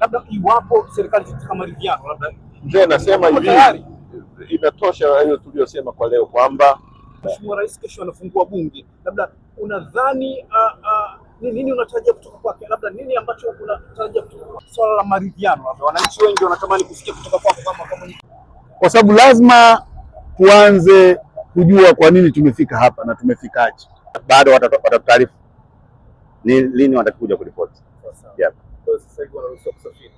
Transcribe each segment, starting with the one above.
Labda iwapo serikali katika maridhiano, labda nasema hivi, imetosha tuliyosema kwa leo kwamba Mheshimiwa Rais kesho anafungua bunge, labda unadhani uh, uh, ni nini unatarajia kutoka kwake? Labda nini ambacho unatarajia kutoka swala la maridhiano, labda wananchi wengi wanatamani kusikia kutoka kwako kama kama, kwa sababu lazima tuanze kujua kwa nini tumefika hapa na tumefikaje. Bado watataarifu lini watakuja kuripoti ambayo sasa hivi wanaruhusiwa kusafiri.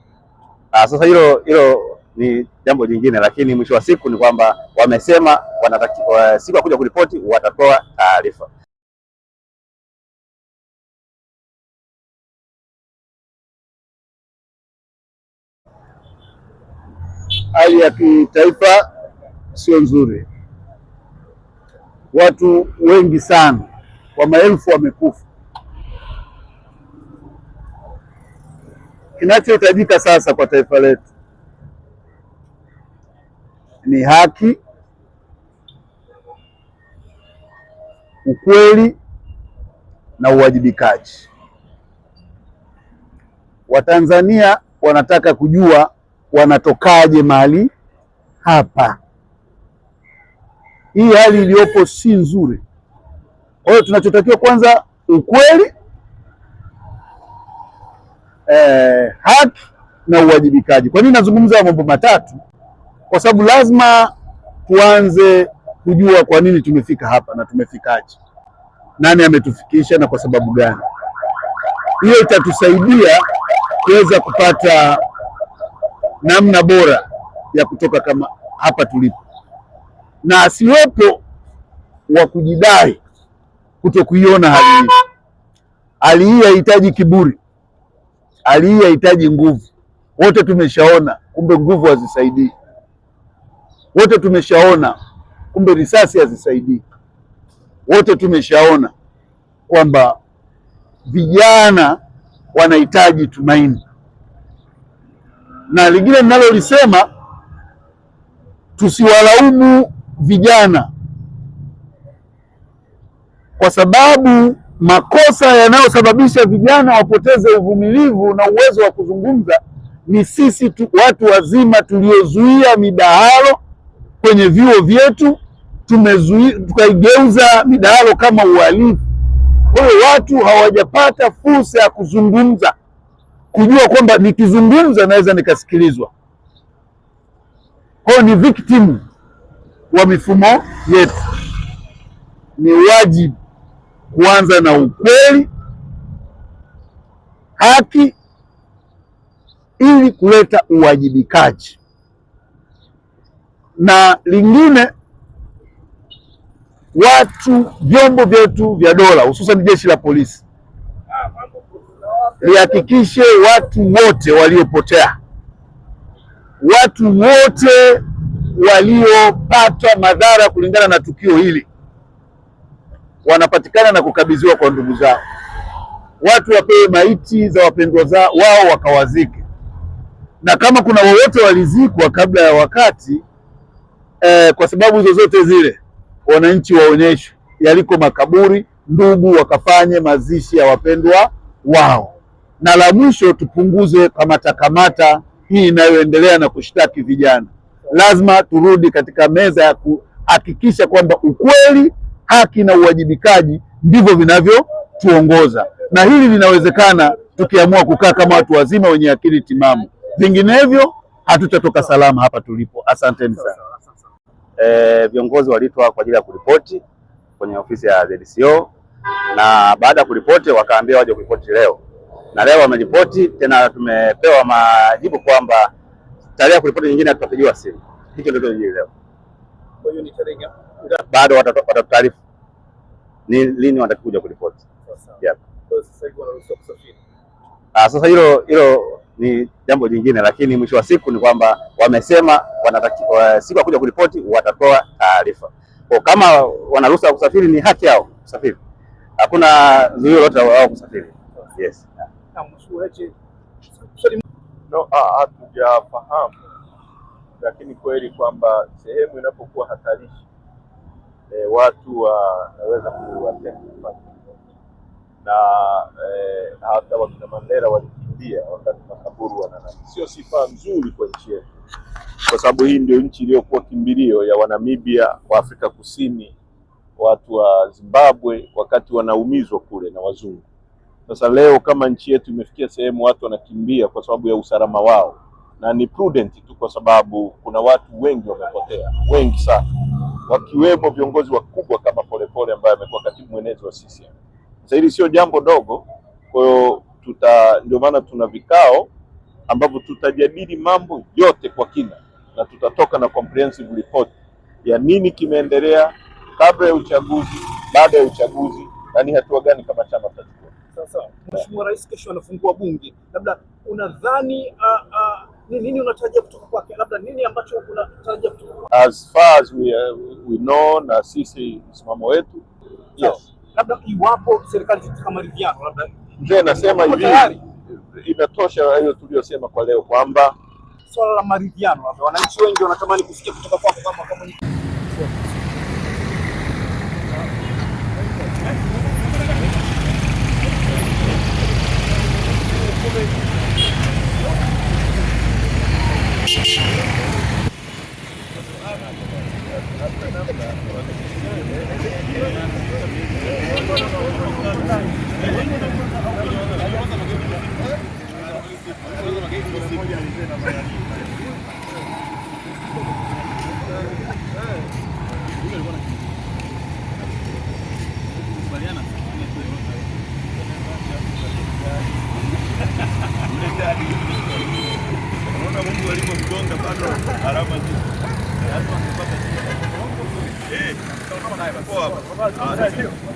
Ah, sasa hilo hilo ni jambo jingine, lakini mwisho wa siku ni kwamba wamesema wanatakiwa siku ya kuja kuripoti watatoa taarifa. Hali ya kitaifa sio nzuri, watu wengi sana kwa maelfu wamekufa Kinachohitajika sasa kwa taifa letu ni haki, ukweli na uwajibikaji. Watanzania wanataka kujua wanatokaje mali hapa. Hii hali iliyopo si nzuri. Kwa hiyo tunachotakiwa kwanza, ukweli eh, haki na uwajibikaji. Kwa nini nazungumza mambo matatu? Kwa sababu lazima tuanze kujua kwa nini tumefika hapa na tumefikaje, nani ametufikisha na kwa sababu gani. Hiyo itatusaidia kuweza kupata namna bora ya kutoka kama hapa tulipo, na asiwepo wa kujidai kuto kuiona hali hii. Hali hii haihitaji kiburi, aliyehitaji nguvu. Wote tumeshaona kumbe nguvu hazisaidii. Wote tumeshaona kumbe risasi hazisaidii. Wote tumeshaona kwamba vijana wanahitaji tumaini. Na lingine ninalolisema, tusiwalaumu vijana kwa sababu Makosa yanayosababisha vijana wapoteze uvumilivu na uwezo wa kuzungumza ni sisi tu, watu wazima tuliozuia midahalo kwenye vyuo vyetu, tumezuia tukaigeuza midahalo kama uhalifu. Kwa hiyo watu hawajapata fursa ya kuzungumza, kujua kwamba nikizungumza naweza nikasikilizwa. Kwa hiyo ni viktimu wa mifumo yetu, ni wajibu kuanza na ukweli, haki, ili kuleta uwajibikaji. Na lingine, watu, vyombo vyetu vya dola, hususan jeshi la polisi lihakikishe watu wote waliopotea, watu wote waliopata madhara kulingana na tukio hili wanapatikana na kukabidhiwa kwa ndugu zao. Watu wapewe maiti za wapendwa zao wao wakawazike, na kama kuna wowote walizikwa kabla ya wakati eh, kwa sababu zozote zile, wananchi waonyeshwe yaliko makaburi, ndugu wakafanye mazishi ya wapendwa wao. Na la mwisho, tupunguze kamata kamata hii inayoendelea na kushtaki vijana. Lazima turudi katika meza ya kuhakikisha kwamba ukweli haki na uwajibikaji ndivyo vinavyotuongoza, na hili linawezekana tukiamua kukaa kama watu wazima wenye akili timamu, vinginevyo hatutatoka salama hapa tulipo. Asanteni sana. E, viongozi walitwa kwa ajili ya kuripoti kwenye ofisi ya ZCO na baada ya kuripoti wakaambia waje kuripoti leo, na leo wameripoti tena. Tumepewa majibu kwamba tarehe ya kuripoti nyingine tutapigiwa simu. Hicho ndio leo, bado watataarifu ni lini watakuja kuripoti. Yep. Ah, sasa hilo hilo ni jambo jingine, lakini mwisho wa siku ni kwamba wamesema wa, siku ya kuja kuripoti watatoa taarifa. Kwa kama wanaruhusa wa kusafiri ni haki yao kusafiri, hakuna zuio lolote wao kusafiri. Yes. No, hatujafahamu ah, ah, lakini kweli kwamba sehemu inapokuwa hatarishi e, watu wanaweza kuwatia na e, hata wakina Mandela walikimbia wakati makaburu wanana, sio sifa nzuri kwa nchi yetu, kwa sababu hii ndio nchi iliyokuwa kimbilio ya Wanamibia, wa Afrika Kusini, watu wa Zimbabwe wakati wanaumizwa kule na wazungu. Sasa leo kama nchi yetu imefikia sehemu watu wanakimbia kwa sababu ya usalama wao, na ni prudent tu, kwa sababu kuna watu wengi wamepotea, wengi sana wakiwemo viongozi wakubwa kama Polepole ambaye amekuwa katibu mwenezi wa CCM. Sasa hili sio jambo dogo, kwa hiyo tuta, ndio maana tuna vikao ambavyo tutajadili mambo yote kwa kina na tutatoka na comprehensive report ya nini kimeendelea kabla ya uchaguzi, baada ya uchaguzi na ni hatua gani kama chama tutachukua. Sasa Mheshimiwa Rais kesho anafungua bunge, labda unadhani uh, uh, nini unatarajia kutoka kwake, labda nini ambacho unatarajia kutoka as far as we, uh, we know na sisi msimamo wetu yes. Labda iwapo serikali kama Riviano labda mzee, nasema hivi imetosha hiyo tuliyosema kwa leo kwamba swala la maridhiano, labda wananchi wengi wanatamani kusikia kutoka kwako kama kama Thank you. Unaona Mungu alivyomgonga bado alama